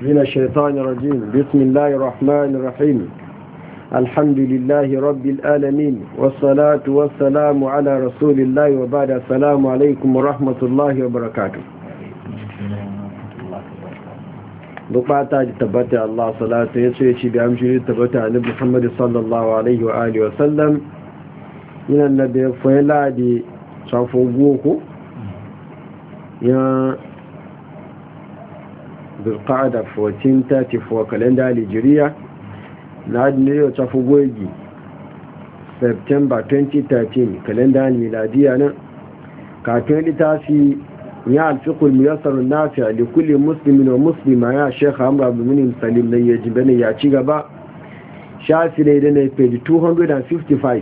من الشيطان الرجيم بسم الله الرحمن الرحيم الحمد لله رب العالمين والصلاة والسلام على رسول الله وبعد السلام عليكم ورحمة الله وبركاته bukata da tabbata Allah ya ce ci da amshi tabbata na Muhammad sallallahu alaihi wa alihi wa sallam ya zulqa'ada 1434 kalenda nigeria na adiniyo ta fugwegi september 2013 kalenda miladiya nan kafin littafi ya alfiqul muyassar nafi li kulli muslimin wa muslima ya shekha amr abdulmunim salim na ya jibana ya ci gaba shafi ne da na page 255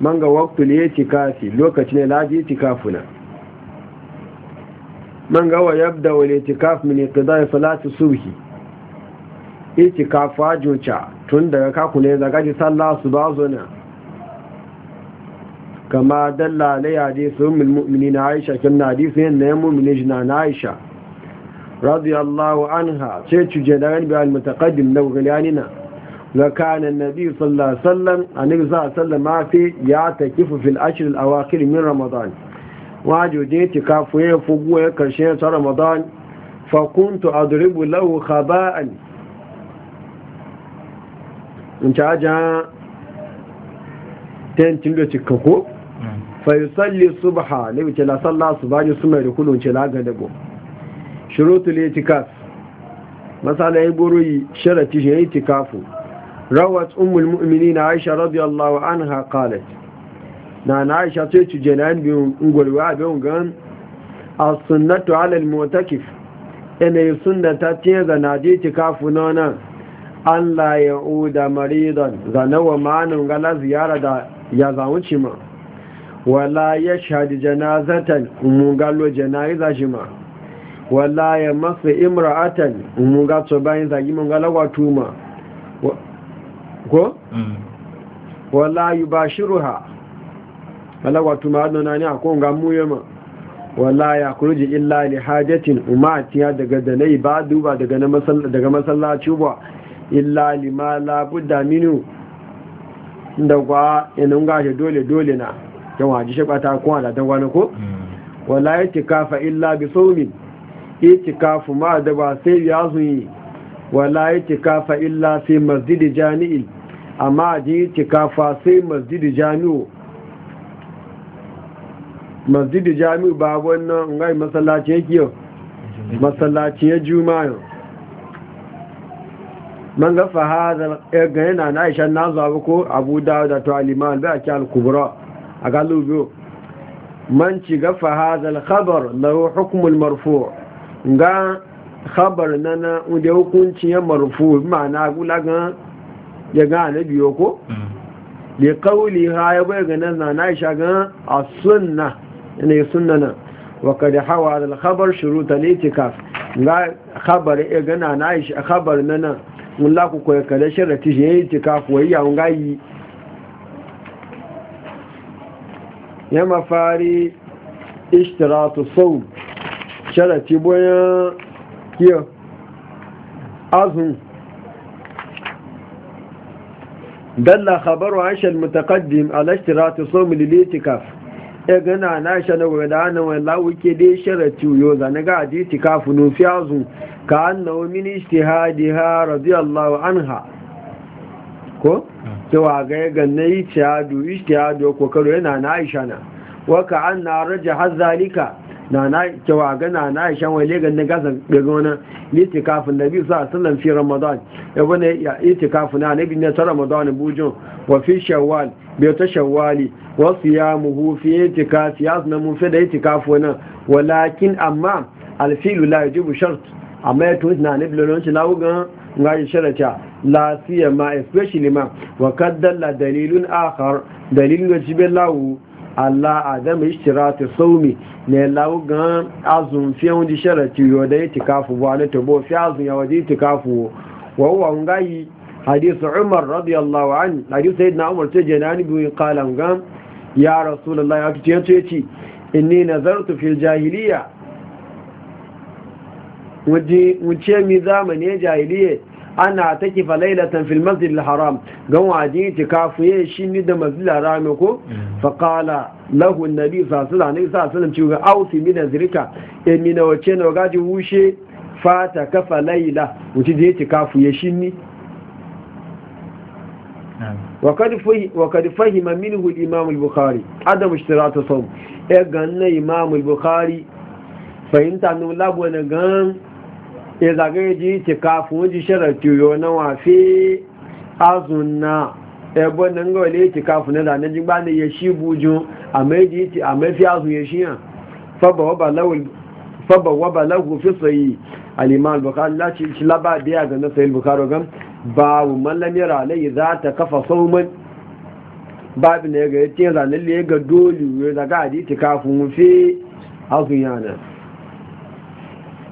manga ya waqtul itikafi lokacin da laji itikafuna man gawa yabda wal itikaf min iqda'i salati subhi itikaf wajuca tun daga kaku ne daga ji sallah subha zona kama dalla alai hadithu min mu'minina aisha kin hadithin na mu'minin jina na aisha radiyallahu anha ce tuje da ran bi al mutaqaddim law galianina wa kana an-nabi sallallahu alaihi wasallam annabi sallallahu alaihi wasallam ma fi ya takifu fil ashr al-awakhir min ramadan wajo je tikafu ya fugu ya karshe ta ramadan fa kuntu adribu lahu khaba'an in ta ja tentin da cikako fa yusalli subha ne wace la salla subhani suma da kulun ce la ga dago shurutul itikaf masala yi buruyi sharati shi itikafu rawat ummul mu'minin aisha radiyallahu anha qalat na na aisha sai ci jenayen biyun ungwarwa a biyun gan a sunnatu alal motakif yanayi sunnata tiye zana je ci kafu nona an la ya uda maridan zana wa ma'anin gala ziyara da ya ci ma wala ya shahadi janazatan umugalo janayiza shi ma wala ya masu imra'atan umugato bayan zagi mungalawa tuma ko? Mm. wala yi bashiruha balawa tuma na ne a konga ya ma wala ya kurji illa li hajatin ya daga da nayi ba duba daga na daga masallaci ba illa li ma la budda minu da kwa inun gashi dole dole na yawa ji shi kwata kuma da dan wani ko mm. wala ya tikafa illa bi sawmin itikafu ma da ba sai ya zuyi wala ya tikafa illa fi masjidi jami'i amma ji tikafa sai masjidi jami'u da jami'u ba wannan ngai masallaci yake yau masallaci ya juma'a man ga fahadar eh, ga yana na aisha na zuwa ko abu dawud da to da ake al-kubra a galubu man ci ga fahadar khabar lahu al marfu ga khabar nana inda hukunci ya marfu ma'ana gula ga ya ga biyo ko mm. li qawli ha ya bai ga nan na aisha ga as-sunnah ne sunana wa da hawa al khabar shuruta ne tika ga khabar e gana na a khabar nana mulla ku koy kada sharati je itikaf wa ya ngai ya mafari ishtiratu sawm sharati boya kiyo azun دل خبر عائشة المتقدم على اشتراط صوم للاعتكاف ya e gana na shi na gwada na wala wuke dai sharati yo zane ga ji tikafu fi fiyazu ka annahu min ha radiyallahu anha ko cewa ga ya e ganna yi tiyadu ijtihadu ko karo yana e na aisha na wa ka anna rajaha zalika na na kewa ga na na shan wai legan na gasa daga wani itikafin nabi sa sallan fi ramadan ya bane itikafin na nabi ne ta ramadan bujun wa fi shawwal bi ta shawwali wa siyamuhu fi itikaf ya na mu fi da itikafu wannan walakin amma alfilu la yajibu shart amma ya tuwit na nabi lolon shi lawugan ngaji sharata la siyama especially ma wa kaddalla dalilun akhar dalilun jibalawu Allah adam ishtiratu saumi ne lawo gan azun fi on di Ti yo da itikafu wa ne to bo fi azun ya wadi itikafu wa huwa ngai hadith Umar radiyallahu an Hadisu sayyidina Umar ce jenani bi qala gan. ya rasulullah ya tuce ce ci inni nazartu fil jahiliya waje mu mi zamani jahiliya ana ta kifa lailatan fil masjid haram gan waje ta kafu ya shi ni da masjid haram ko fa qala lahu annabi sallallahu alaihi wasallam ci ga ausi min zirka e min wace na gaji wushe fata kafa laila wuce je kafu ya shi ni وقد فهم منه الإمام البخاري عدم اشتراط صوم إيه قلنا إمام البخاري فإنت أنه لابو أنا ya zagaye ji ti kafin wajen sharar tiyo na wafe azunna na ẹgbọ́n na ngọ́ ilé ti kafin na zane jin gbani ya shi bujun a ji ti a fi azun ya shi yan faba ba lagu fi sayi aliman bukari lati shi laba biya ya na sayi bukari gan babu mallamiyar alayi za ta kafa sauman babu na ya ga ya ce zanen ya ga dole ya zaga a ji ti kafin fi azun yana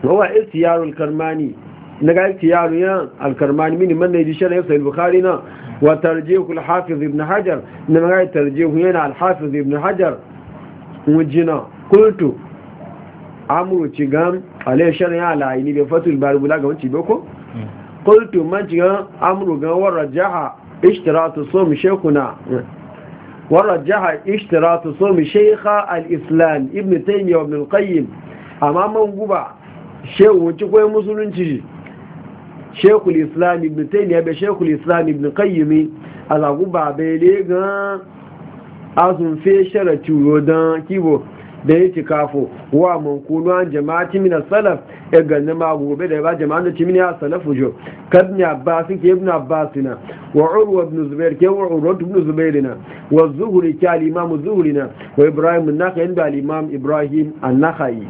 wawa istiyar al-karmani na ga istiyar ya al-karmani mini man ne dishe ne sai bukhari na wa tarjihul hafiz ibn hajar na ga tarjihu yana al ibn hajar mujina kultu amru cigam ale shari'a al-aini bi fatul barbula ga wanci boko kultu man cigam amru ga warajaha ishtiratu sum shaykhuna ورجح اشتراط صوم شيخ الإسلام ابن تيمية وابن amma man guba. shehu wacce kwaye musulunci shekul islam ibn taymiya bai shekul islam ibn Kayyumi, a zaguba bai ne ga azun fe shara turo don kibo da ya ci kafo wa mankunu an jama'ati min salaf ya e ganna ma gobe da ba jama'an da cimin ya salafu jo kadni abbas ke ibn abbas na wa urwa ibn zubair ke wa urwa ibn zubair na wa zuhuri ke al'imamu zuhuri na wa ibrahim na nakhai inda da imam ibrahim an yi.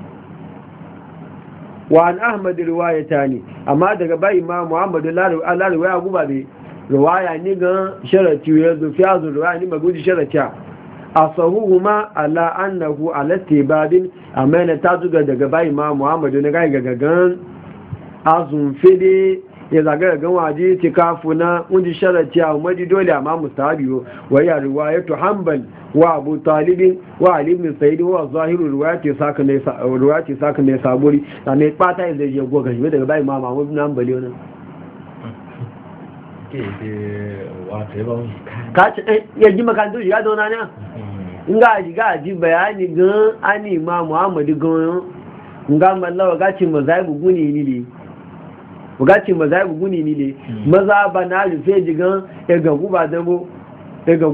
wa an ahmad riwayatani amma daga bai imam muhammad la riwaya guba be riwaya ni ga sharati ya zo fi azu riwaya ni magudi sharatiya asahuhuma ala annahu ala tibabin amma na ta zuga daga bai imam muhammad ne ga gagan azun fide ya zaga ga waje itikafu na unji sharati a umari dole amma mustahabi wa ya riwayatu hanbal wa abu talib wa ali ibn wa zahiru riwayati saka ne riwayati saka saburi da ne pata ya zai go gashi daga bai mama mu ibn hanbali wannan ka ce eh, ya ji makarantu ya zauna ne mm. nga ji ga ji bayani gan ani ma muhammadu gan nga mallawa gaci mazaibu guni ni ne ce maza ya guguni ni ne hmm. maza ba na rufe jigan ega ba dambo ega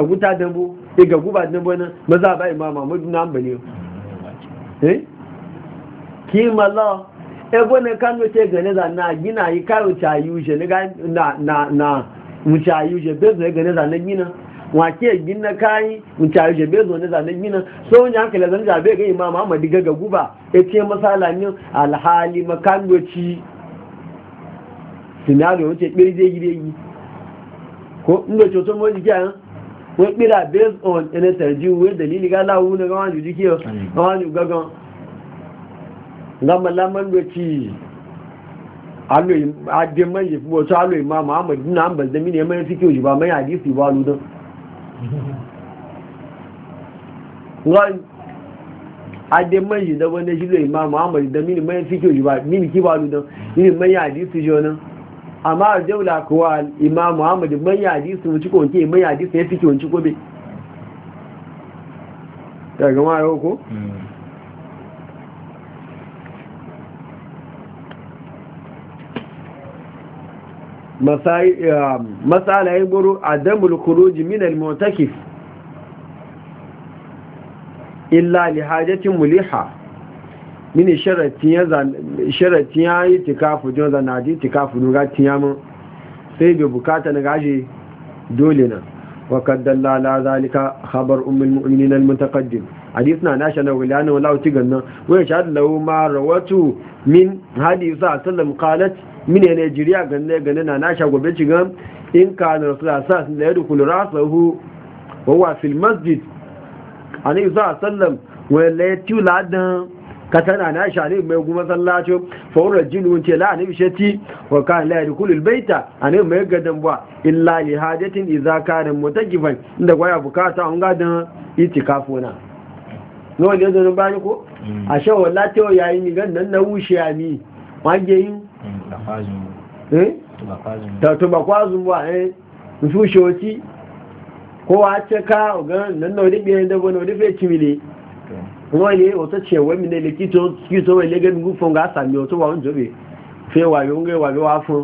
e ta dambo ega ba dambo ega nan maza ba ma mudu na mbali eh ki mala ebo ne kan no te gane za na gina yi karo ta yuje ne na na na mu ta yuje be e gane za na gina wake gin na kayi mu tare jabe zo ne zanen gina so wani hankali zan jabe ga imam Ahmad diga ga guba ya ce masala ne alhali makandoci sinari wace kiri zai gire yi ko inda coton mawai jiki a wọ́n bira based on tarji wuwe dalili ga lawu ẹni tẹ̀rẹ̀dí owó ìdẹ̀lìlì gáláwó ní gánwàjú jíkí ọ̀ gánwàjú gángan gámalámọ́lùwẹ̀tì adémọ́yẹ̀ fúwọ́ tó alò ìmá muhammadu náà bẹ̀rẹ̀ mí ní ẹmẹ́rin fíkí ba mẹ́rin hadisi ba ludan wọ́n adé mẹ́yìn dánwọ́ ní ṣílẹ̀ ìmá muhammadu dán mínú mẹ́yìn fíkì òjúwà mínú kí wà lúdán nínú mẹ́yìn àdísù jọ náà àmá àjẹ́wòlà kọwà ìmá muhammadu mẹ́yìn àdísù mú chíkò nkí mẹ́yìn àdísù yẹn masala ya guru a damul kuroji minal motakif illa lihajatin muliha mini sharatin ya yi tikafu jan zanaji tikafu nugatin ya mun sai bai bukata na gaji dole nan wakadda lalazalika habar umar mu'ininan mutakaddin hadisu na national wilayen wala'uti gannan wani shaɗi ma rawatu min hadisu a salam kalat mine Najeriya ganne ganne na nasha gobe cigan in ka na Rasulullah sallallahu alaihi wasallam ya dukul rasahu wa huwa fil masjid ani za sallam wa la tuladan ka tana nasha ne mai goma sallacho fa urajin wun ce la ne shati wa ka la yadkhulul baita ani mai gadan ba illa li hajatin idza kana mutakifan inda gwaya bukata an gadan itikafuna no ne zo ba ni ko a shawo la to yayin nan na ya ami wajen yin tàtùbàkwázùn wà ẹ́ ba òtí kó wá tẹ́ ká ọ̀gán nánà orígbé ẹ̀ndẹ́ wọn orífẹ́ tìmìlì wọ́n ni ọ̀tọ́ tí ẹ̀wẹ́ mi nílé kí tó wọ́n ilégé gún fún gáàsà ní ọ̀tọ́ wà ń jòbè fẹ́ wà yóò ń gẹ́ wà ló wá fún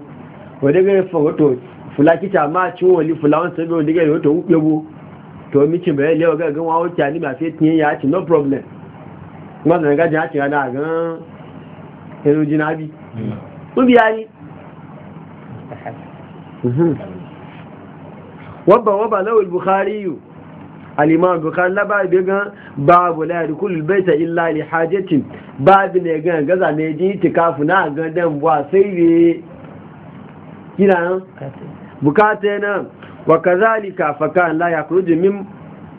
orígbé fún ọ̀tọ̀ fúlá kíta máa tí wọ́n lè fúlá wọn sẹ́gbẹ́ orígbé yóò tó ń pé wo tó mi tì bẹ́ẹ̀ lé ọ̀gá ẹ̀gán wọn fi no problem wọ́n sọ̀rọ̀ gájà á ti gan-an ẹnu ubiya ni mhm. wabba wabba lawal bukhari yu al'imam bukhari babu ya gan babu la yadda kullum baita illa li hajjatin babu ne gan gaza ne ji tikafu na gan dan buwa sai ne kina nan bukata nan wa kazalika fakan la ya min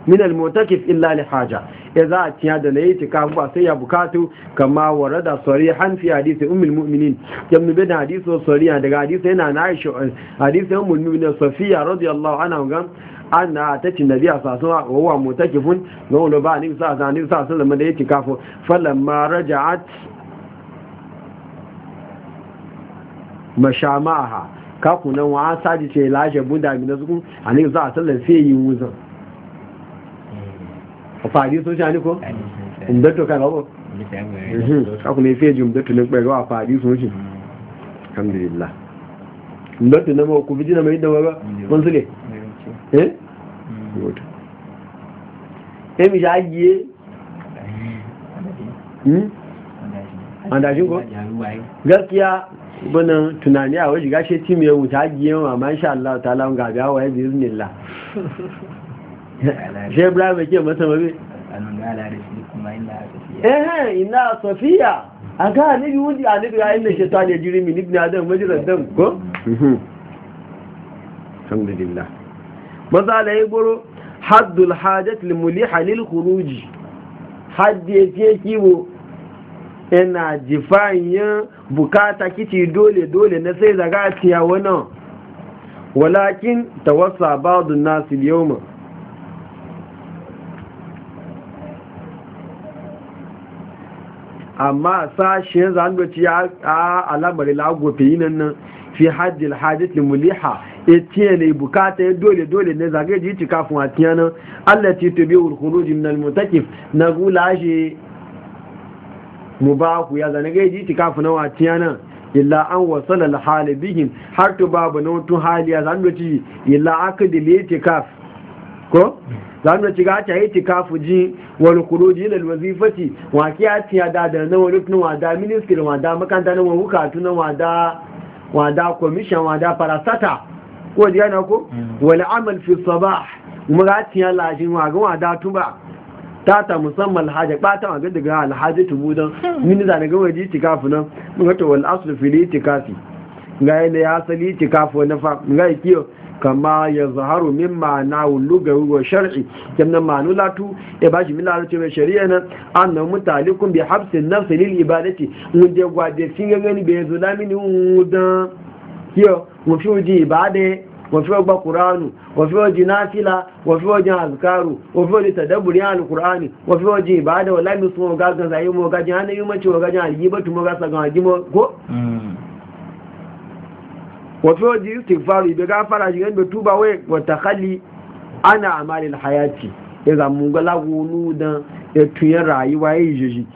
min al-mutakif illa li haja idza atiya da layi tikafu ba sai ya bukatu kama warada sarihan fi hadisi ummul mu'minin yamnu bin hadisi sariya daga hadisi yana na Aisha hadisi ummul mu'minin Safiya radiyallahu anha gan anna tati nabiya sasun wa huwa mutakifun ga ba ni sa sa ni sa sallama da yake kafu falamma raja'at mashamaha kakunan wa saji ce lashe buda mi na zuku anin za a sallafe yi wuzan àfààdí tó ṣe àníkọ́ ìmùdẹ́tò kan lọ́wọ́ ọkùnrin fi èjì ìmùdẹ́tò ní pẹ̀lú àfààdí mm. tó mm. mm. hmm? ṣe kàmìlìlá ìmùdẹ́tò náà kò fi jìnà mẹ́rin dánwọ́rọ́ wọ́n sílẹ̀ èmi ṣe ayé àndàṣíkọ́ gaskiya bana tunani a wajen gashe tim ya wuce ajiyar wa masha Allah ta'ala ga gawa ya ṣe ibrahim ke mata mabe ehe ina safiya a ga anibi wuji anibi ya inda shetan ya jiri min ibn adam majirar dan ko? Mhm. alhamdulillah maza da ya goro haddul hajjat limuli halil kuruji haddi ya ce kiwo yana jifayen bukata kici dole-dole na sai zaga a ciyawa nan walakin tawassa ba'adun nasu yau amma sashen zandoci a alamari lagofi yinan nan fi hajjil hajjil muliha e tiye ne bukata ya dole dole ne zage ji ci kafin a tiya nan allah ci tobe urkuru jimnal mutakif na gula shi mu ba ku ya zane gai ji ci kafin a tiya nan illa an wasala alhali bihin har to babu na wutun hali ya zandoci illa aka dile ci kaf ko Za mu ci ga ya yi kafu ji wal khuruji lil wazifati wa kiyati ya da da nan wani tunan wada ministry wada makanta na wani wuka tunan wada da wa da commission wa parasata ko ji na ko mm. wani amal fi saba kuma ga ci ya lajin wa ga wa da tuba tata musamman alhaji ba ta magana daga alhaji tubu don hmm. mini da ga waje kafu nan mun ga to wal ne ci kafi ga yadda ya asali kafu na fa ga kiyo kama ya zaharu min ma'ana lugawi wa shar'i jamnan ma'anu latu e ba shi min ce, mai shari'a nan an na mutalikun bi habsin nafsi lil ibadati mun je sin sun gangani bai zo mini wudan yo mun fi uji ibada gba qur'anu mun fi oji nafila fi ojin azkaru fi oji tadabburi al ƙurani wafi oji ibada wala musu ga ga zayi mo ga hannun yi mace mo gajin algibatu mo gasa gan ko wafi waje istighfaru ibe gafara shi ganin tuba wai wata kali ana amalin hayati ya zamu ga lagonu da ya tuyen rayuwa ya yi jiji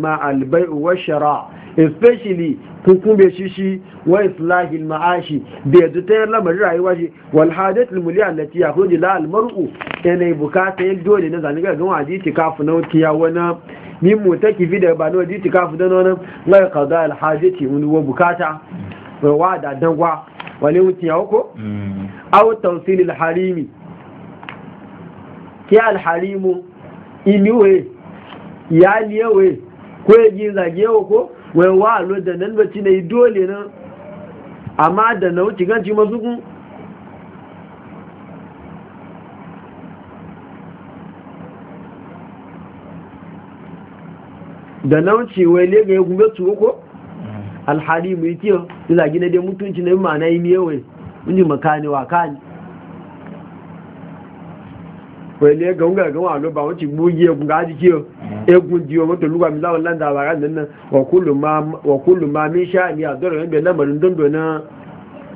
ma albai uwa shara especially kun shishi, wai wa islahil ma'ashi da yadda ta yin lamarin rayuwa shi wal hadatul muliya lati ya hoji la al mar'u bukata ya dole na zanen ga gawa jiti kafu na ya wani mimu ta fi da ba na waje ti kafu da wani ga qada al wa bukata wa da dangwa wale wuce ya mm. ko aw tawsil al harimi ki al ya iniwe yaliyewe ko yin zagewo ko wai wa lo da nan na yi dole nan amma da na wuce ci mazukun da na wuce wai lega ya gube tuwo alhari mai tiyo ila gina dai mutunci na ma'ana yi ne wai mun ji makani wa kani wai ne ga ungar gama alo ba wacce gbogi ya kunga aji kiyo egun diyo mata luwa mila wa landa ba ran nan wa kullum ma min sha'ani a zara yan bai lamarin don dona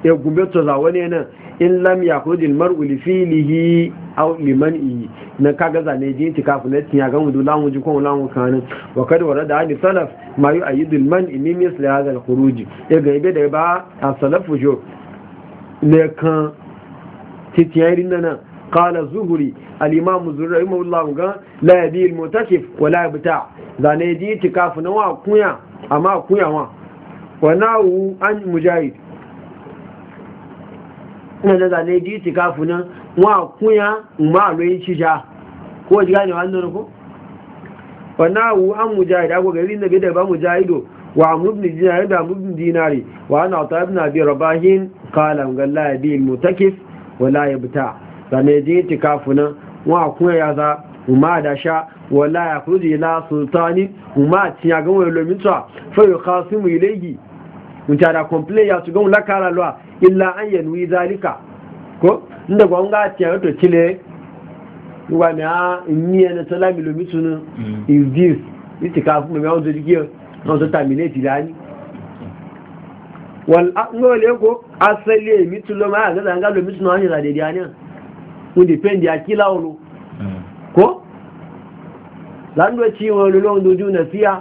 egun bai tsoza ne yanar in lam ya hudu mar'u li filihi aw yi. man'i na kaga zane jin ti kafu ne tin ya ga mudu lamu ji ko lamu kanin wa kad warada ali salaf ma yi yu ayidu al man'i min misli hadha al khuruj e ga ibe da ba as salaf jo ne kan ti ti ayrin nana qala zuhri al imam zuhri rahimahullah ga la yadi al mutakif wa la bita zane jin ti kafu na wa kunya amma kunya wa wa na'u an mujahid ina da zane ji ti kafu nan wa kunya ma loyin cija ko ji gane wannan ko wanahu an mujahid ako garin da bidar ba mujahido wa amurbin dinari da amurbin dinari wa ana ta ibn biyar rabahin qala ga la yabi mutakif wa la zane ji ti kafu nan wa kunya ya za umma da sha wala ya kruji la sultani umma tiya ga wani fayo fa mu ilayhi nta da complain ya su gan lakara lwa illa an yanwi zalika ko inda gwa nga tiya to chile ngwa mi a nyi ene tola mi lo mi tunu mm. is this iti ka fun mi awon jiki no so terminate la ni wal ngo le ko asali mi tulo ma ga nga lo mi tunu anyi la de dia ni o depend ya kila olu mm. ko lando chi wo lo lo ndoju na sia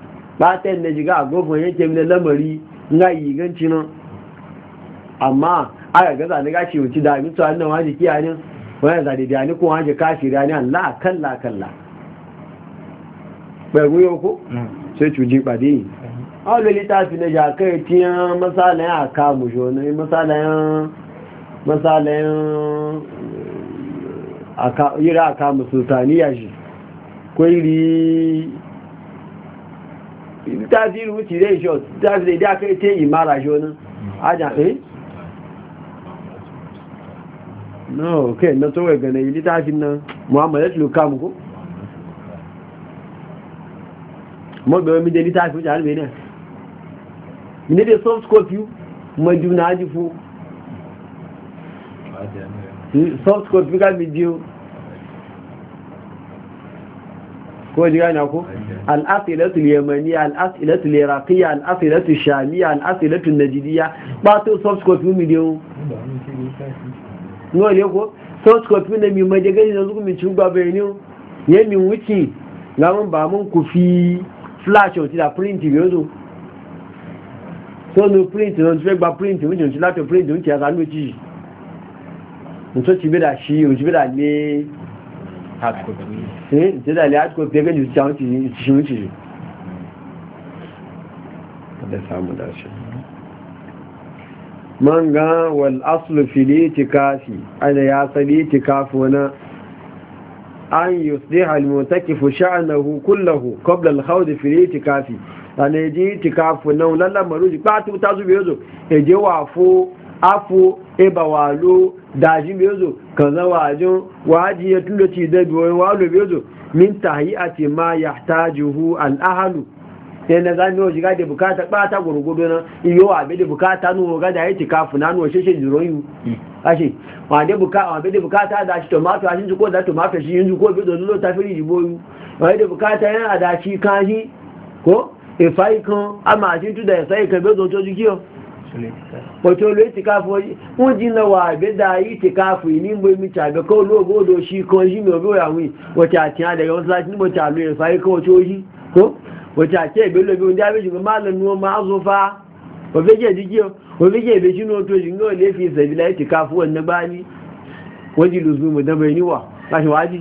batan na jiga a gofin yanke mini lamari na yi ganci nan amma aka gaza na gashi wuce da mutu annan wani kiya ne wani zade da ni kuma waje kashi da ni Allah kalla kalla bai goyo ko mm. sai cuji bade a lori ta fi na jakai tiyan masalayen a kamu shonai masalayen masalayen yira a kamu sultaniya shi kwai tazir wuce zai shi tazir da aka ita yi mara shi wani aja eh no kai na tsohon gane yi littafin nan muhammadu ya tuluka muku mọ́gbẹ̀rẹ̀ mi dé littafin wuce harbe ne mi ne dai soft copy maju na aji fún soft copy ka mi di o ko ji gane ku al'asilatu yamaniya al'asilatu iraqiyya al'asilatu shamiyya al'asilatu najidiyya ba to soft copy miliyon no le ko soft copy ne mi maje gani yanzu ku mi cin gba bai ni ye mi wuci na mun ba mun ku fi flash o ti da print bi ozo so no print no ti fẹ́ gba print mi ti láti print mi ti asa mi ti nto ti be da shi o ti be da le eh jeda le atko bega ni jawo ci ci shi ci da samu dace man ga wal aslu fil itikafi ana ya sali itikafu na an yusliha al mutakifu sha'nahu kullahu qabla al khawd fil itikafi ana ji ba ebawalo dajin bezo kaza wajin waji ya tunda ci da biyoyin walo bezo min tahiyati ma yahtajuhu al al'ahalu sai na zan yi shiga da bukata bata gurgudu na iyo wa bi da bukata nu ga da yi kafu na nu shishin yi ashe wa da bukata wa da bukata da shi tomato ashin ko da tomato shi yanzu ko bi da ta firi wa da bukata yana da shi kashi ko ifai e kan sai wato lo itikafu un jina wa be da itikafu ni mbo mi ta be ko lo godo shi kan shi mi obo yawi wato ati ada ga wasu ni mo ta lo e fa ko to ko wato ati e be lo da be ma lo nu ma azufa o be je digi o o be je be ju no to ju ngo le fi se bi la itikafu won na ba ni da ni wa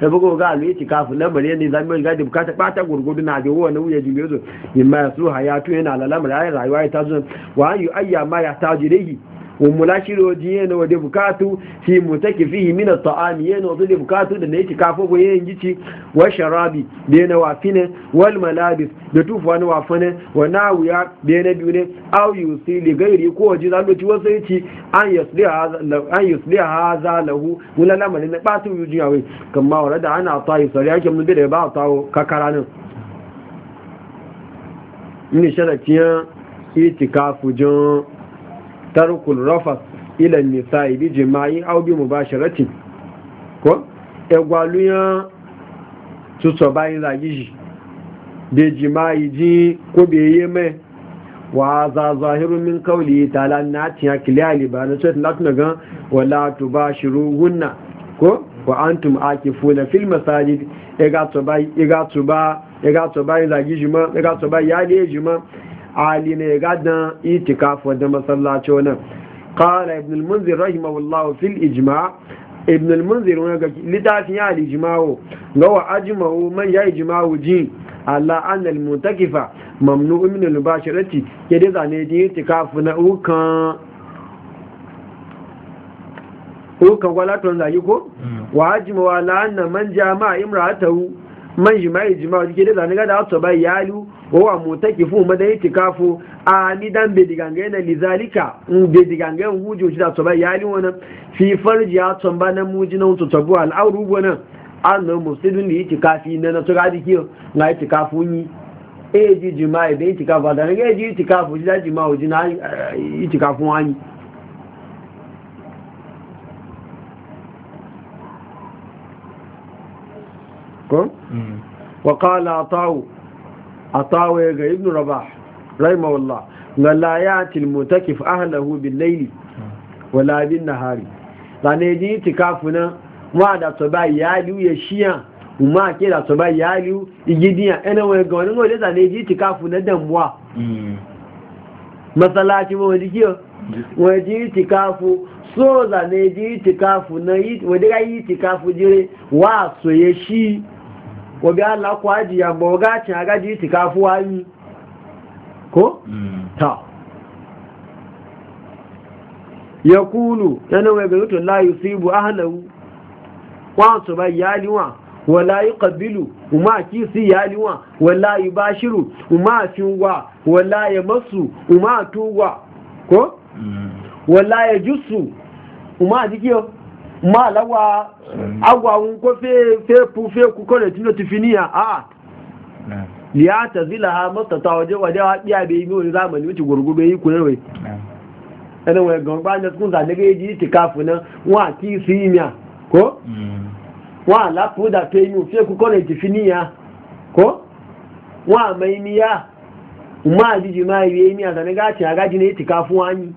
da bugu ga alu yake kafin lamar yadda za mu shiga bukata bata gurgudu na da wani wuya jibe zo in ma su hayatu yana lalamar ayar rayuwa ya tazo wa ayu ayya ma ya tajirehi وملاشر وجيين ودي بكاتو في متك فيه من الطعام ين وضد بكاتو دا نيتي كافو وين جيتي وشرابي دينا وافنا والملابس دتوف وانا وافنا وناويا دينا بيونا أو يوصي لغيري كو جيزا لوتي وصيتي أن يصلي هذا له ولا لما لنا باتو يجيوي كما ورد عن عطاي صريح كم نبير بعطاو كاكارانا من شرطيان itikafu jan tarkul rafas ila nisa'i bi jima'i aw bi mubasharati ko egwaluyan so bayin zagiji da jima'i ji ko be yeme wa za zahiru min qawli ta'ala nati tiya kiliyali ba na cewa latin daga wala tubashiru hunna ko wa antum akifuna fil masajid ega to bai ega to ba ega to bai zagiji ma ega to bai yali ejima ali ne gadan itikafin da masallaci wannan qala ibn al-munzir rahimahullahu fil ijma' ibn al-munzir wani ga littafin ya al-ijma'u ga wa ajma'u man ya ijma'u ji ala an al-mutakifa mamnu'u min al-mubashirati ya dai zane din itikafu na ukan ukan wala ton zayi ko wa ajma'u ala an man jama'a imra'atahu man jima'i jima'i jike da zaniga da wasu bai yalu o wa mota ki fun madayi ti kafu a ni dan be digange na lizalika in be digange in huju shi da bai yalu wannan fi farji ya ba na muji na wutu tabu al'auru wannan an na musulun da yi kafi na na tura diki na yi ti kafu ni e ji jima'i da yi ti kafu da na ga ji ti kafu shi da jima ji na eh, yi ti kafu wani. ko mm. wa qala atawu atawu ga ibn rabah rahimahullah la la yati almutakif ahlahu bil layli mm. wala bin nahari zane ji tikafuna wa da to ba yali ya shiya umma ke da to ba yali igidiya ene we ga wani ngole zane ji tikafuna danwa mm. masalaci ba wani kiyo wani itikafu so zane ji itikafu na yi wani ga yi itikafu jire wa soye shi wabi Allah ku haji ya boga cin agaji ti kafu wani ko? Hmm. ta ya kulu yana wai gajutun layu sibu ahalawu wasu bai yaliwa wala yi ƙabilu umar kisi yaliwa wala yi bashiru umar finwa wala ya masu umar tuwa ko? ya hmm. jusu umar jikiyo ma lawa agwawun ko fefu feku kone tino tifinia, a ya ta zila ha masta ta waje waje wa iya bai yi wani zamani wuce gurgube yi kuna wai ɗanin wani gamba na sun zane ga yi ti kafu nan wa ki su yi miya ko wa lafu da fe yi feku kone tifinia, ko wa mai miya ma jiji ma yi miya zane gaci a gaji na yi ti kafu wani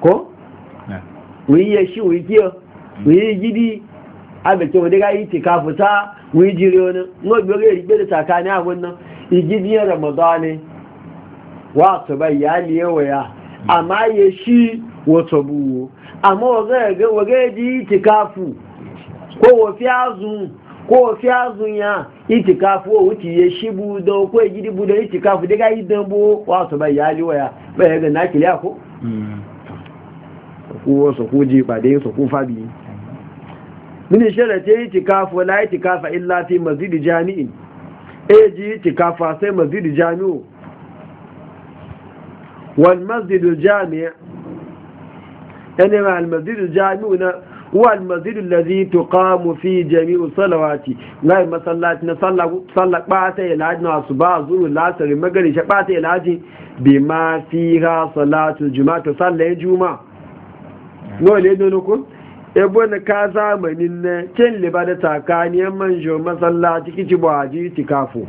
ko wọ́n yẹ ṣí wọ́n kí ọ wọ́n yẹ gidi yìí ti ká fòtá wọ́n jírí ọ náà wọ́n gbẹ́rẹ́ ìgbẹ́rẹ́ tàkà ní àwọn náà ìgidi yẹn ramadan ni wọ́n àtọ̀bá ìyáàlì ya àmọ́ yẹ ṣí wọ́n tọ̀bù wo àmọ́ wọ́gẹ́ di ti ká kó wọ́n fi azùn kó wọ́n fi azùn yá ìtì ká ti yẹ ṣí budọ̀ kó ìgidi yìí dán bó ya bẹ́ẹ̀ ko da yin soko biyu mini sharata yi tikafu la yi tikafa illa fi masjidi jami'in yi e, tikafa sai mazidi jami'u wal masjidu jami'a yana ma al masjidu jami'u na wa al masjidu allazi tuqamu fi jami'u salawati ngai masallati na salla ɓata ya laji na asuba zuru lasari magari laji bi ma fi ha salatu juma'a to ya juma'a yau e ne nuku nukun ebo na ka zamanin na le ba da takaniyar e manjo masallaci kici bo aji tikafu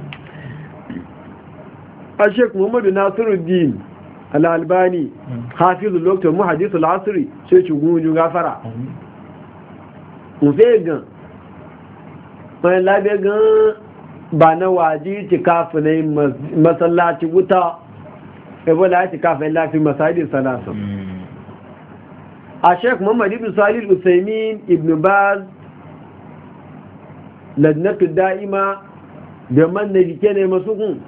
a sheik muhammadu nasiruddin al'albani hafizu lokacin mu hadisu lasiri sai ci gunju gafara ufe gan wani labe gan ba na waji tikafu na yi masallaci wuta ebo na ya tikafu ya lafi masajin sanasa a sheik muhammad ibn salil usaimin ibn baz lannatu da'ima da man na jike ne masu kun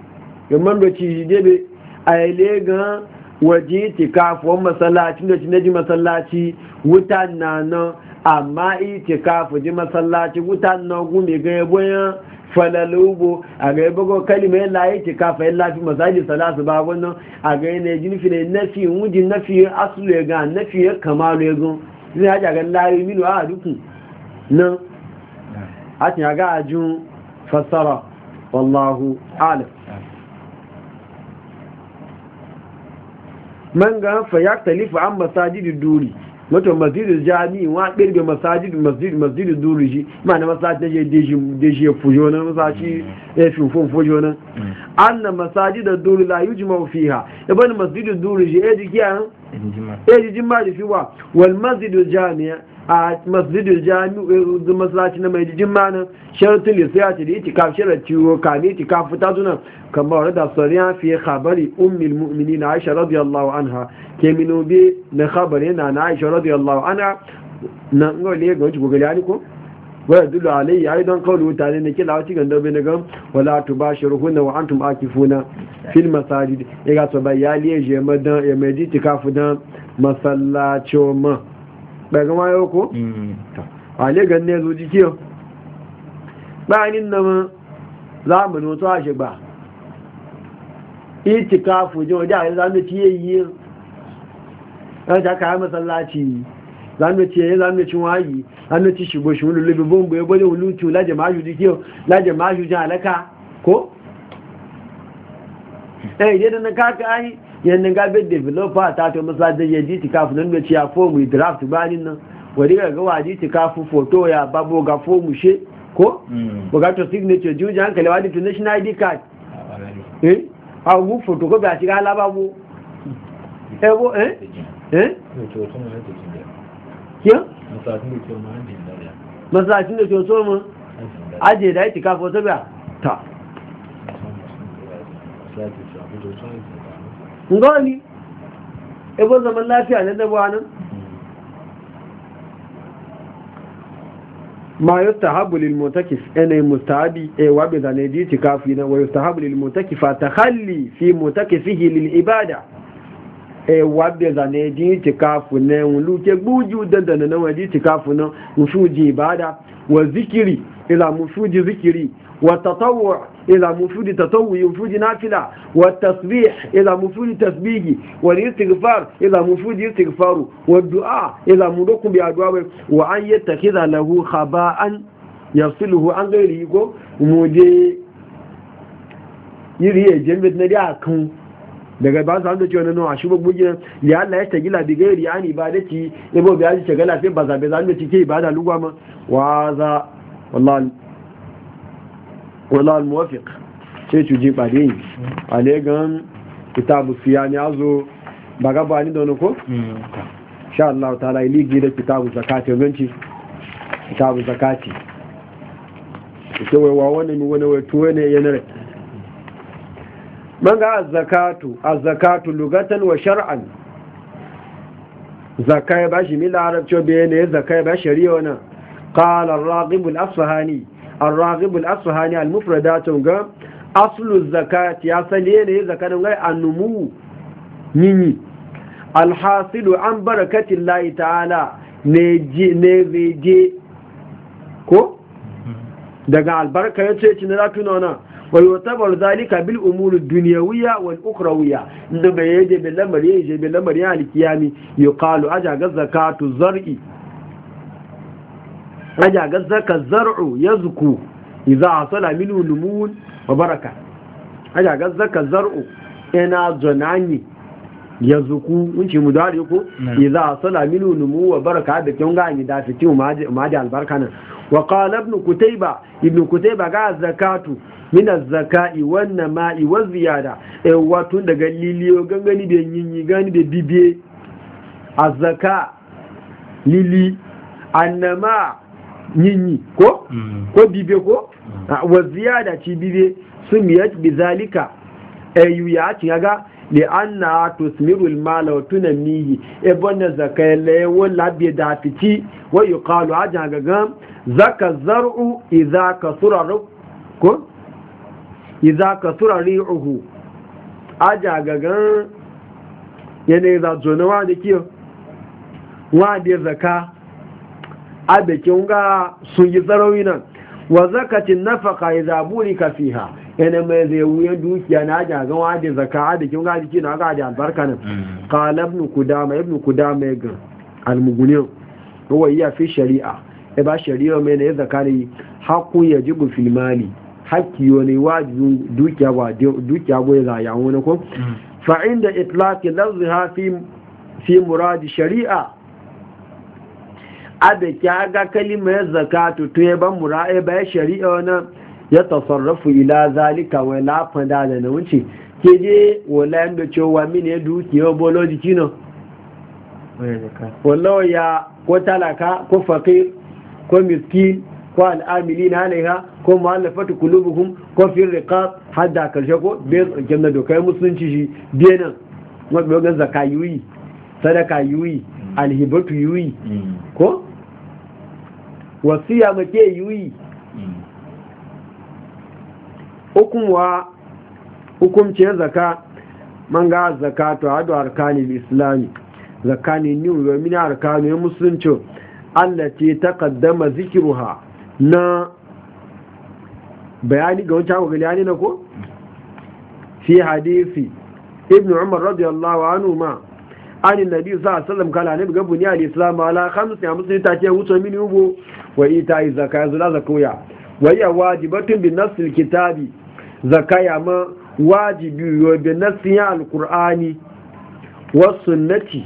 da man da ci be a yale gan waje tikafuwan masallaci da na ji masallaci wutan na nan amma itikafu ji masallaci wutan na gumi ga yan falalubu a ga yi bago kalimai laye ce kafa yin lafi masajin salatu ba wannan a ga yi ne jini ne nafi wujin nafi ya asulu ya ga nafi ya kamalu ya gan zai haji a ga minu a dukkan nan a cin ya ga ajin fassara wallahu ala man ga fa ya talifa an masajin duri wato masjidu jami'i wa ɗirbe masajid masjidu masjidu duru shi ma na masajid je deji ya fujo na masashi ya fi fun fujo na an na masajid duru la yi jima fiha ya bani masjidu duru shi ya ji kiyan ya ji jima da fi wa wal masjidu jami'a a masjidul jami'u eh, masallaci na mai jijin mana sharatun lisiyati da itikaf sharati wa kame itikaf fita zunan kamar da sariya fi khabari ummul mu'minin Aisha radiyallahu anha ke minobe na khabari na na Aisha radiyallahu anha na ngole ga wuce gogali ani ko wa yadullu alayhi aidan qawlu ta'ala ne kila wati ganda bai nagan wala tubashiruhunna wa antum akifuna fil masajid ya ga so bayali je madan ya mediti kafu dan masallacho ma daga gama yau ko? Mm-hmm. a legan ne zo jikiyo bayanin na ma za mu noto a shi ba iti itikafu jin wajen ayi zamu ciye yi ɗan ta kayan masallaci zamu ciye yi zamu ci wayi zamu ci shigo shi wani lullubi bombo ya gwada wulutu laje maju jikiyo laje maju jan alaka ko? eh yadda na kaka ayi yadda gabin developer ta to masajin ya ji tikafu nan mai ciya fomu draft bayanin nan wani ga gawa ji tikafu foto ya babu ga fomu she ko hmm. bukatar signature juji hankali wadi to national id card ah, eh a gu foto ko ba shiga lababu ebo eh eh kiyo eh? masajin da ke so mu aje da ya tikafu wata ta ngoli ebo zaman lafiya ne dabuwa nan ma yustahabu lil mutakif Ene mustahabi e wabi zanadi tikafi na wa yustahabu lil mutakifa takhalli fi mutakifihi lil ibada ewa beza ne ji itikafu ne wulu ke gbuju dandana na waje itikafu na mufuji ibada zikiri ila zikiri wa tatawwu ila mufuji tatawwu mufuji nafila wa tasbih ila mufuji tasbihi wa istighfar ila du'a ila mudoku bi adwa wa an yattakhidha lahu khaba'an yasiluhu an gairi ko muje yiri eje mbet na dia kan daga ba su da cewa na a shi bugu nan ya Allah ya tagila bi gairi an ibadaci ya bo biya shi gala sai ba zabe zan da cike ibada lugwa ma wa za wala wallahi muwafiq sai tuji bade legan ita bu siya siyani azo ba gaba bani da ko sha Allah ta ta'ala ili gida bu zakati ganci bu zakati ita wai wa wani mu wani wai tuwe ne yanar man ga a zakatu lugatan wa shar'an zakai ba shi mila arabci be ne zakai ba shari'a wannan qala ar-raqib al-asfahani ar-raqib al-asfahani al ga aslu zakati ya sale ne zakarin ga annumu nini alhasilu an barakatillahi ta'ala ne zai je ko hmm. daga albarka yace cin na tunona wa yutabar zalika bil umur dunyawiyya wal ukhrawiyya inda bai yaje bil lamari yaje bil lamari al kiyami yuqalu aja zakatu zar'i aja ga zaka zar'u yazku idza asala minhu numu wa baraka aja ga zaka zar'u ina zonani numu wa baraka da kin ga da ma albarka nan وقال ابن كتيبة ابن كتيبة قال الزكاة من الزكاة والنماء والزيادة واتون دا ليليو غنغني بي نيني غني بي بي بي الزكاة ليلي النماء نيني كو كو بي بي كو والزيادة تي بي بي سميت بذلك ايو ياتي غا li'anna tusmiru al-mala wa tunamihi ibn zakaya la wala bi da fiti wa yuqalu ajan gagam zaka zar'u idza kasura ko idza kasura ri'uhu aja gagan yene za zona wa da kiyo wa de zaka a bakin ga sun yi zarawi nan wa zakati nafaka idza burika fiha yana mai zai wuyan dukiya na aja gagan wa da zaka a bakin ga jiki na ga da albarka nan mm. qala ibn kudama ibn kudama ga al-mughniyo huwa iya fi shari'a ya ba shari'a mai na ya zakari haku ya jibu filmani haƙƙi wani wajen dukiya goyi za a yawon wani ko hmm. fa'in da itlaki lanzu ha fi muradi shari'a abe ki aga ya zakatu to ya ban ba ya shari'a wani ya tasarrafu ila zalika wai lafa da da na wuce ke je wala yadda cewa mini ya dukiya bolo jiki nan wallawa ya ko talaka ko faƙir ko miskin ko al'amili na alaiha ko mahallafatu qulubuhum ko fi riqab hadda karshe ko bai tsakin na dokai musulunci shi biyan nan wanda ga zakka yuyi sadaka yuyi alhibatu yuyi ko wasiya mace yuyi hukumwa hukumcin zaka man ga zakatu hadu arkanin islami zakani ni yomi na arkanin musulunci allati taqaddama zikruha na bayani ga wancan ga bayani na ko fi hadisi ibn umar radiyallahu anhu ma ani nabi sallallahu alaihi wasallam kala ne ga ni al-islam ala khamsi ya ta ce wuce mini ubo wa ita zakaya zula zakoya wa ya wajibatun bi nasl kitabi zakaya ma wajibi yo bi nasl al-qur'ani wa sunnati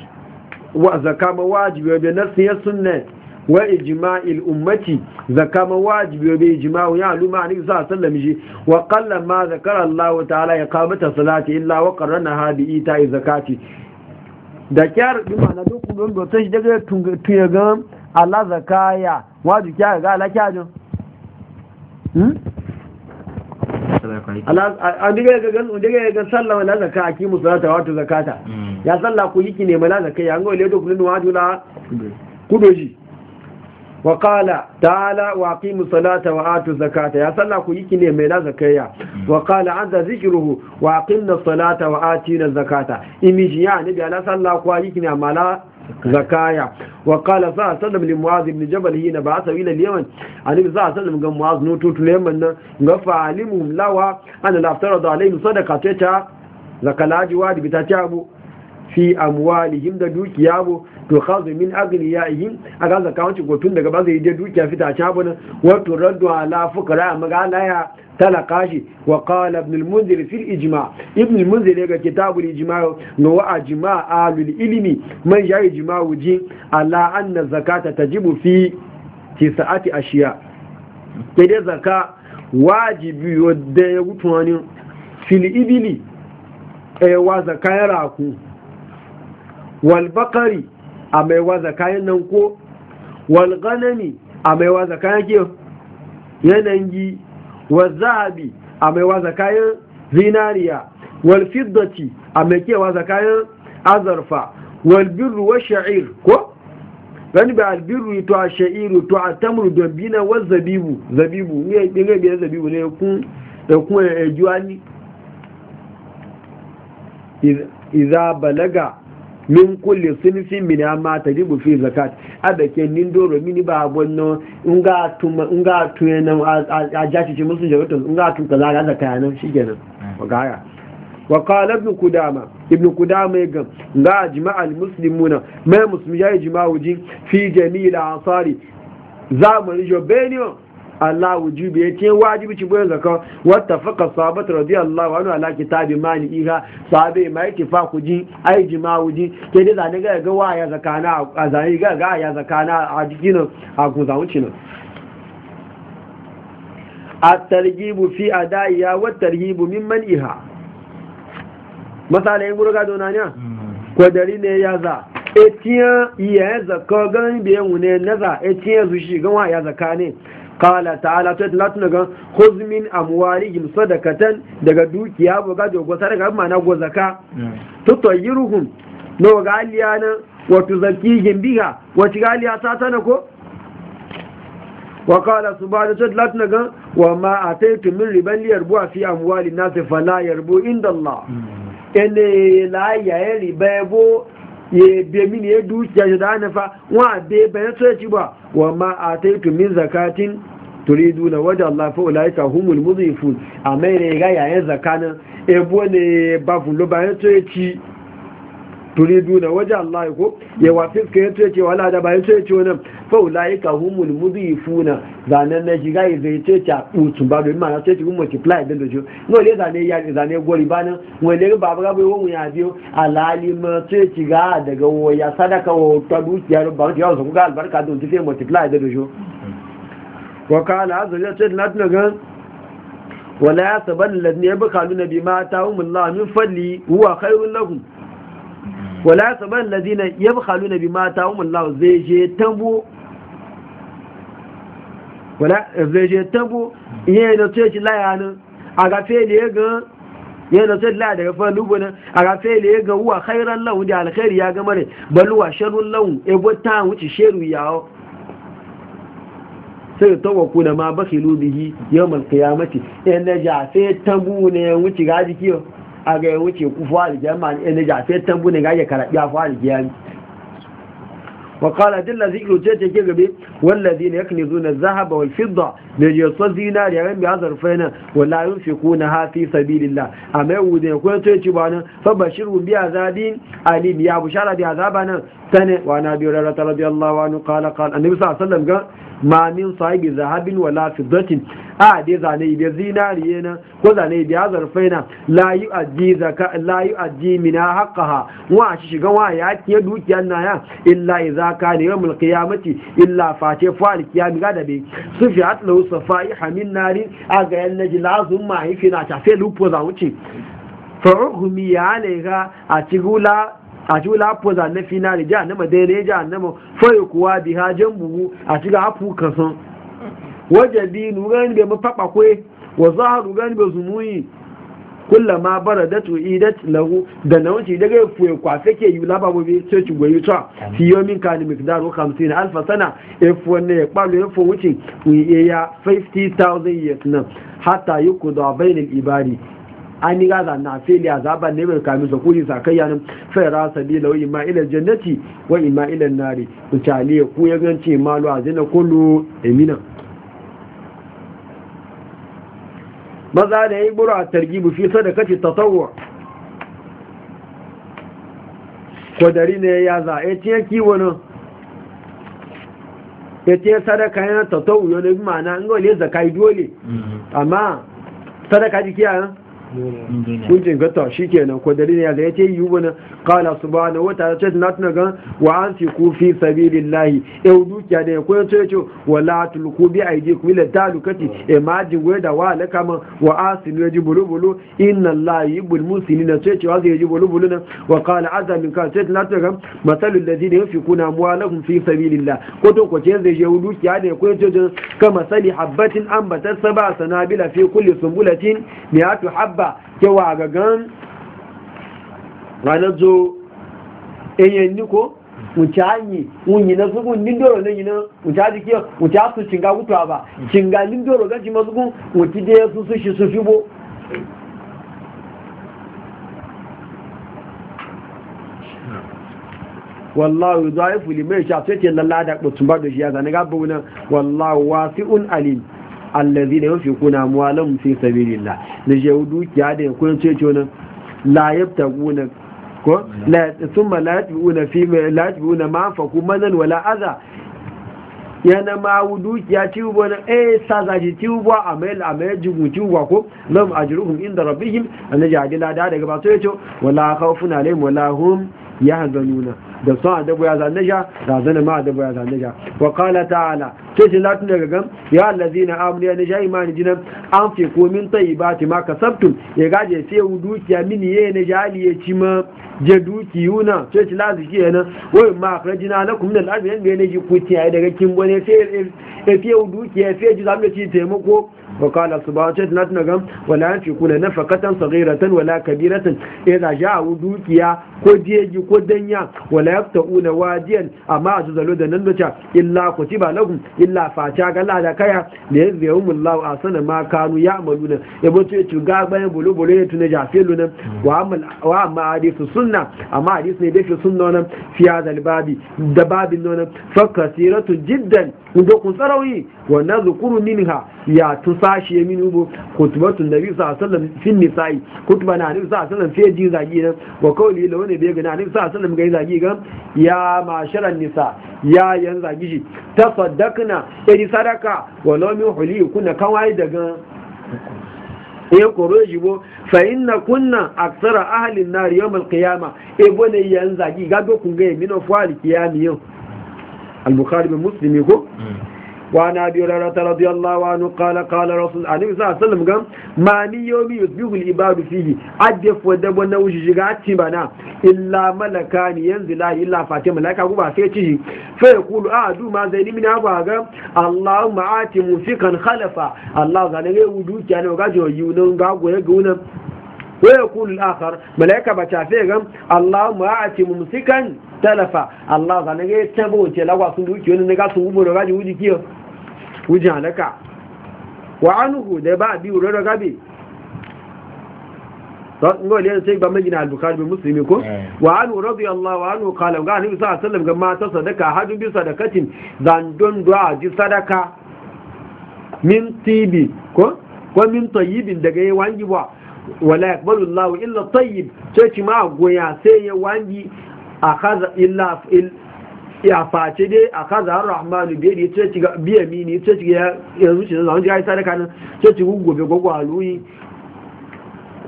wa zakama wajibi yo bi nasl sunnati wa ijma'il ummati zaka ma wajibi wa ijma'u ya aluma ni sa sallam shi wa qalla ma zakara Allah ta'ala ya salati illa wa qarrana hadi ita zakati da kyar bi mana duk don do tashi daga tuya ga ala zakaya wajibi kya ga ala kya jo hmm Allah an diga ga gan diga ga sallama la zakata akimu salata wa zakata hmm. ya salla ku yiki ne mala zakaya an ga le do kullu wajula kudoji wa ta ala wa aqimu salata wa atu zakata ya sallah ku yi kine mai na zakaya wa qala azza zikruhu wa na salata wa na zakata imiji ya ne na sallah ku kine ne na zakaya wa za a sallam li muwazi ibn jabal hina ba'atha ila al-yaman ani za sallam ga muwazi no tutu yaman nan ga fa'alimu lawa ana laftar da laftarada alaihim sadaqata zakalaji ta abu. fi amwalihim da dukiya bu to khazu min ga aga zakawanci tun daga ba zai je dukiya fita ta bana wa raddu ala fuqara magala ya talaka shi wa qala ibn al-munzir fi al-ijma ibn al-munzir ga kitab al-ijma no wa ajma alul ilmi man ya ijma wuji ala anna zakata tajibu fi tis'ati ashiya kede zaka wajibi wadda ya gutuwani fil ibili eh, wa zakayar aku wal bakari a waza kayan nan ko walganami a waza kayan ke yanayin wa zahabi a waza kayan zinariya walfiddati a mai waza kayan azarfa walbirru wa sha'ir ko gani ba albirru to a sha'iru to a tamru dambina wa zabibu zabibu ne ɗin biyar zabibu ne kun kuma ya juwa iza balaga min kulle sinfin min amma ta jibu fi zakat ada ke nin doro mini ba gwanno in ga tuma in tuye nan a jaci ce musu jawata in ga tun kaza ga zakaya nan shikenan wa gaya wa qala ibn kudama ibn kudama ya gam ga jima'al muslimuna mai musulmi ya jima'u ji fi jami'il asari zamanin jobenio Allah wujubi ya ce wajibi ci boye zakka wata faka sahabat radiyallahu anhu ala kitabi mali iha sahabe ma yake fa ku ji ai jima wuji ke dai zane ga ga waya zakana a zane ga ga ya zakana a jikin a ku zawuci nan at-targhib fi adaiya wa at-targhib mimman iha masala yin gurga ne? Hmm. ko dari ne ya za etiyan iya zaka gan biye wune naza etiyan zushi gan wa ya zaka ne qala ta'ala to la tun ga khuz min amwarihim sadaqatan daga dukiya bo ga jogo sadaka ma na go zaka to tayiruhum no ga aliyana wa tuzakihim biha wa tigaliya ta tana ko وقال سبحانه لا تنغ وما na, من ربا ليربو في اموال الناس فلا يربو عند الله ان لا يربو ye biya mini ya dukiya shi da hanafa wa be so ya ci ba wa ma a min zakatin turidu na wajen Allah fa ulaika humul mudhifun amma ne ga yayin zakanin ebo ne ba fulo so ya ci duna waje Allah ko yawa fiska ya ce cewa la da bayan sai ce wannan fa ulaika humul funa zanan na shiga ya zai ce ta utun ba domin mana sai cikin multiply din dojo no le zane ya zane gori bana wai le baba ba ba won ya biyo alali ma sai ga daga waya sadaka wa ta ya ba ya su ga albarka don ki multiply din dojo wa kana azza ya ce na tunaga wala yasaban alladhina yabkhaluna bima ta'amullahu min fadli huwa khairun lahum wala saban lazina yabkhaluna bima ta'um Allah zai je tabo wala zai je tabo yayin da ce shi layanin a gafe da ya ga yayin da sai la daga fa lubuna a gafe da ya ga wa khairan lahu da alkhairi ya ga mare balwa sharrun lahu e bota wuce sheru yawo sai to tawakku da ma bakhilu bihi yawmal qiyamati in e da sai tabu ne wuce ga jikiyo a ga wuce ku fa aljama ne ne ja sai tambu ne ga ya karabi fa aljiyani wa qala dil ladhi yujata ke gabe wal ladina yaknizuna adh-dhahaba wal fidda ne ya tsazina ya ran bi azar faina wala yunfikuna ha fi sabilillah amma wude ko to ci bana fa bashiru bi azabin alim ya bushara bi azabana sani. wa nabi radiyallahu anhu qala qala annabi sallallahu alaihi wasallam ga ma min sahibi dhahabin wala fiddatin a dai zane ibe zinariye nan ko zane bi azarfai nan na yu addi zaka layu aji mina haka ha wa shi shiga wa ya ke dukiya na ya illa ka ne yawmul qiyamati illa face fa alkiyami ga da be sufiat safa yi hamin nari ga yan naji azum ma hifi na ta lupo za wuce fa'uhumi ya alaiha a cigula a ci wula hapo zane finari jihannama daidai jihannama fayi kuwa biha jan buhu a ciga hapun kasan waje dinu gani bai kwe wa zaharu gani bai zumuyi kulla ma bara da tu idat lahu da na wuce daga ya fuye kwafe ke yi laba bobe sai ci goyi ta fi yomin ka ni mikdaru 50 alfa sana efu wanne ya kwalo e e ya wuce ni ya 50000 years nan hatta yi ku da bainil ibadi an yi gaza na fili a zaben neman kamin sa kuri sa kai yanin fayara sabila lau ima ila jannati wa ima ila nari mutane ku ya ganci malu a zina kullu emina maza da ya yi buru a targibu fi sadakaci tatawo kwadari ne ya za a tiye kiwo nan ya tiye sadaka yana tatawo yana bi ma'ana in gole zaka yi dole mm-hmm. amma sadaka jikiya kunjin gata shi kenan ne dalili ya zai ce yi wani kala su ba na wata ta ce na tuna gan wa an ce ku fi sabilin lahi yau dukiya da ya koya ce ce wa la tulku bi ku ila ta lukati e ma ji goyi da wa alaka ma wa asinu ya ji bulubulu inna lahi bul musini na ce ce wa zai ji bulubulu na wa kala azamin ka ce na tuna gan masalin da ya fi kuna muwalakun fi sabilin la ko to ko ce zai je dukiya da ya koya ce ce ka masali habbatin an batar saba sanabila fi kulle, sumbulatin miyatu habba ba kewa gan ranar zo enyen niko wuce anyi, unyi na sukun nindoro na yi na wuce haji kiyo wuce su cinga gutuwa ba cinga nindoro gashi masukun wuce da de su su shi su shibo wallahu zaifu limai sai ke lalada ɓutun ba da shi ya zane gaba wunan wallahu wasi'un alim allazi ne yafi kuna muwalan fi sabilillah da yahudu ya da kun ce ce nan la yabtaguna ko la thumma la yatbuna fi la yatbuna ma fa kuma nan wala adha yana ma wudu ya ci ubo na eh sa za ji ci ubo a amel ji mai ci ubo ko lam ajruhum inda rabbihim annaja adila da daga ba to yace wala khawfun alaihim wala hum ya ganuna da sun adabu ya zane ja da zane ma adabu ya zane ja wa kala ta'ala ke shi latin daga gam ya allazi na amuri ya nisha imani jinan an fi komin tsayi ba ti ma ka sabtun ya gaje sai wu dukiya mini ya na jali ya ci ma je dukiyu na ce shi lati ke yana wai ma akira jina na kuma da lazi yadda ya na ji kuti ya daga kimbo ne sai ya fiye wu dukiya sai ya ji zamu ci taimako وقال سبحانه وتعالى نغم ولا ينفقون نفقة صغيرة ولا كبيرة إذا جاءوا دوكيا ko jeji ko danya wala yaftauna wadiyan amma a zuzalo da nan dace illa kutiba lahum illa fata galla da kaya da yazbihumullahu asana ma kanu ya'maluna yabo ce ci ga bayan bulu bulu ya na jafelu nan wa amal wa amma hadithu sunna amma hadith ne dafi sunna nan fi hadal babi da babin nan fa kasiratu jiddan kun kun sarawi wa nazkuru minha ya tun sashi ya minu bu kutubatun nabi sallam fin nisa'i kutuba na nabi sallam fiye ji zagi nan wa kawai da wani bai gani nabi sallam ga zagi gan ya masharan nisa ya yan zagi shi ta saddakna ya sadaka wa lomi huli kuna kawai daga ya koro shi bo fa inna kunna aksara ahalin na riyomar kiyama e bone yan zagi ga do kun ga mino fali kiyami yau al-bukhari muslim ko hmm. وعن أبي هريرة رضي الله عنه قال قال رسول الله صلى الله عليه وسلم قال ما من يوم يصبح العباد فيه أدف ودب ونوش جغات بنا إلا ملكان ينزل إلا فاتح ملكا قبع فيته فيقول أعدو ما زيني من أبو أبوها اللهم آتي موسيقا خلفا الله قال لي وجود كان وقاجه يونون قاقوا يقونا ويقول الآخر ملائكة بتعفيه اللهم أعطي موسيقا تلفا الله قال لي تبوتي لو أصدوك يونان قاقوا يقونا wujin halaka wa anuhu da ba a biyu rarra gabe ngo ne sai ba magina al-bukhari bi muslimi ko eh. wa anu radiyallahu anhu qala ga nabi sallallahu alaihi wasallam ga mata sadaka hadu bi sadakatin dan don du'a ji sadaka min tibi ko ko min tayyibin daga yayi wangi ba wala yaqbalu Allahu illa tayyib sai ci ma goya sai ya wangi akhadha illa ya face dai a kaza rahmanu bai ne ce ciga biya mini ce ciga ya zuci na zaunci gaisa da kanin ce gobe gwagwa aluyi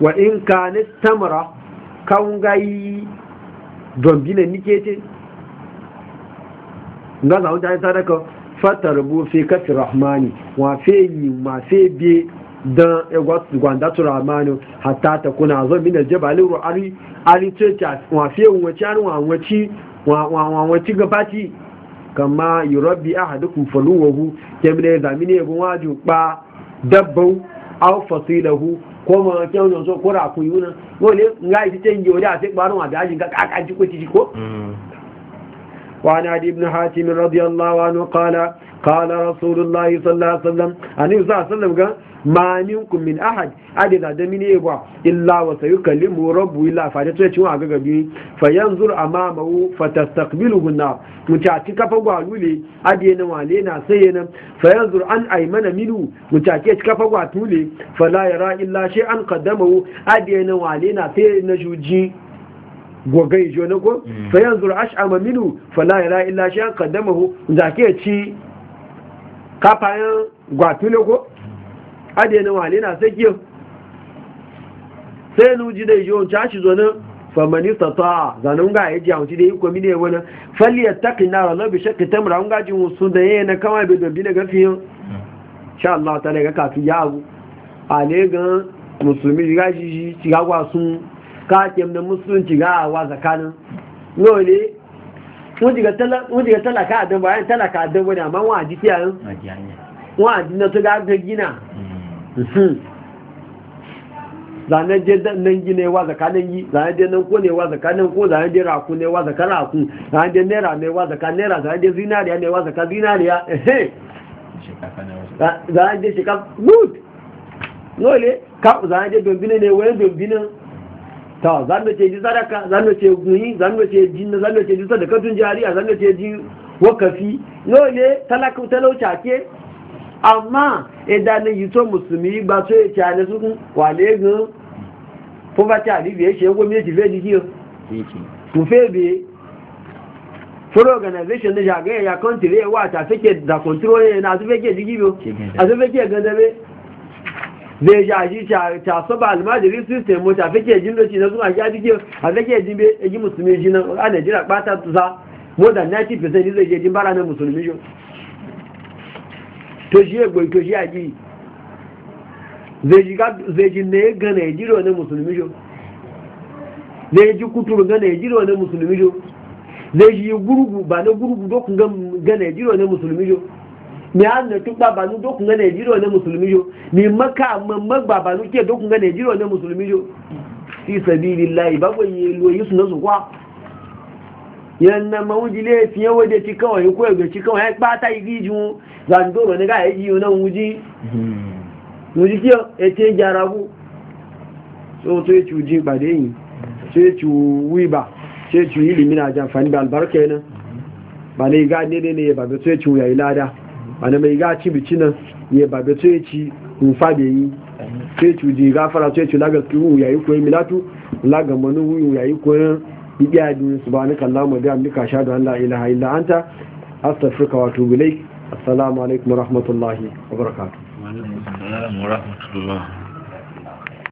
wa in ka ni tamara kan gayi don bina nike ce ga zaunci gaisa da ka fatar bu fi kafi rahmani wa fe yi ma fe biye don gwanda turamanu hatta ta kuna zo min aljabalin ru'ari ari ce ta wa fe wuce wa wuce wọ́n ti gan kama yorobi a faluwahu kemine zamini egun waju pa dabbau aw fasilahu ko ma ke won so kora kun yuna wole ngai ti tenji ori ase parun abi ajin ka akaji ko ti mm. ko وعن عدي بن حاتم رضي الله عنه قال قال رسول الله صلى الله عليه وسلم أنه صلى الله عليه وسلم قال ما منكم من أحد ذا دمين إبوا إلا وسيكلمه ربه إلا فاتتوا عقا عقاقبين فينظر أمامه فتستقبله النار أولي فوالولي أدينا لنا سينا فينظر أن أيمن منه متعتك أولي فلا يرى إلا شيئا قدمه أدينا لنا سينا جوجين yi jona ko mm. fa yanzu ash'ama minu la yara illa shay'an kaddamahu. zake ci kafayan gwatule ko ade na wale na sai kiyo sai nuji dai jo ta shi zona fa mani tata zanun ga ji a wuce dai ko mine wani fali yattaqi nar la bi shakki tamra un gaji wasu da yana kama bi dobi daga fiyin insha Allah ta ga kafi yawo ale ga musulmi ga shi ga sun kakem na musulunci ga awa tsakanin lole wujiga talaka a bayan talaka adon wani amma wa ji kiyayen wa ji na tuga ga gina hmm. hmm. zane je nan gina wa zakanin yi zane je nan ko ne wa zakanin ko zane je raku ne wa zakan raku zane je naira ne wa zakan naira zane je zinariya ne wa zakan zinariya ehe zanen je shekafa good lole zane je dombinin ne wani dombinin ta zan da ce ji sadaka zan da ce guni zan da ce jinna zan da ce sadaka tun jariya zan da ce ji wakafi yau ne talaka talauta ke amma idan yi to musulmi ba to ya tare su kun wale gan poverty ya gwamnati fe di kiyo ku fe be for organization na jagaya ya country ya wata da control na su fake di kiyo a su fake gandabe zai ja shi ta saba almajiri system mota ta fake jin doci na suna ya dike a fake jin be ji musulmi ji kpata a Najeriya bata tusa more than 90% zai je jin bara na musulmi yo to shi egbo to shi aji zai ji ga zai ji ne ga na musulmi yo zai ji kuturu ga Najeriya na musulmi yo zai ji gurugu ba na gurugu dokun ga Najeriya na musulmi yo mi an na tuk babanu dokun ga Najeriya ne musulmi yo mi maka mamman babanu ke dokun ga Najeriya ne musulmi yo fi sabilillahi ba goyi loyi su na su kwa yan na mawuji le fi yawo da ci kawai ko ga ci kawai ba ta yi giju zandoro ne ga yi yo na wuji hmm. wuji ki e te jarabu so to e yi e cuji ba dai e yi sai ci wiba sai ci ilimi na jan fani da albarka yana ba ne hmm. ga ne ne ba ga sai ci yayi lada Wani mai ga ci bici nan ya babe to ya ci in da yi ya ci ji gafara ya ci laga tuwu yayi koyi milatu laga manu wuyu yayi koyi biya dun subhanaka allahumma bi amrika shahadu da la ilaha illa anta astaghfiruka wa atubu ilaik assalamu alaikum wa rahmatullahi wa barakatu. wa alaikum wa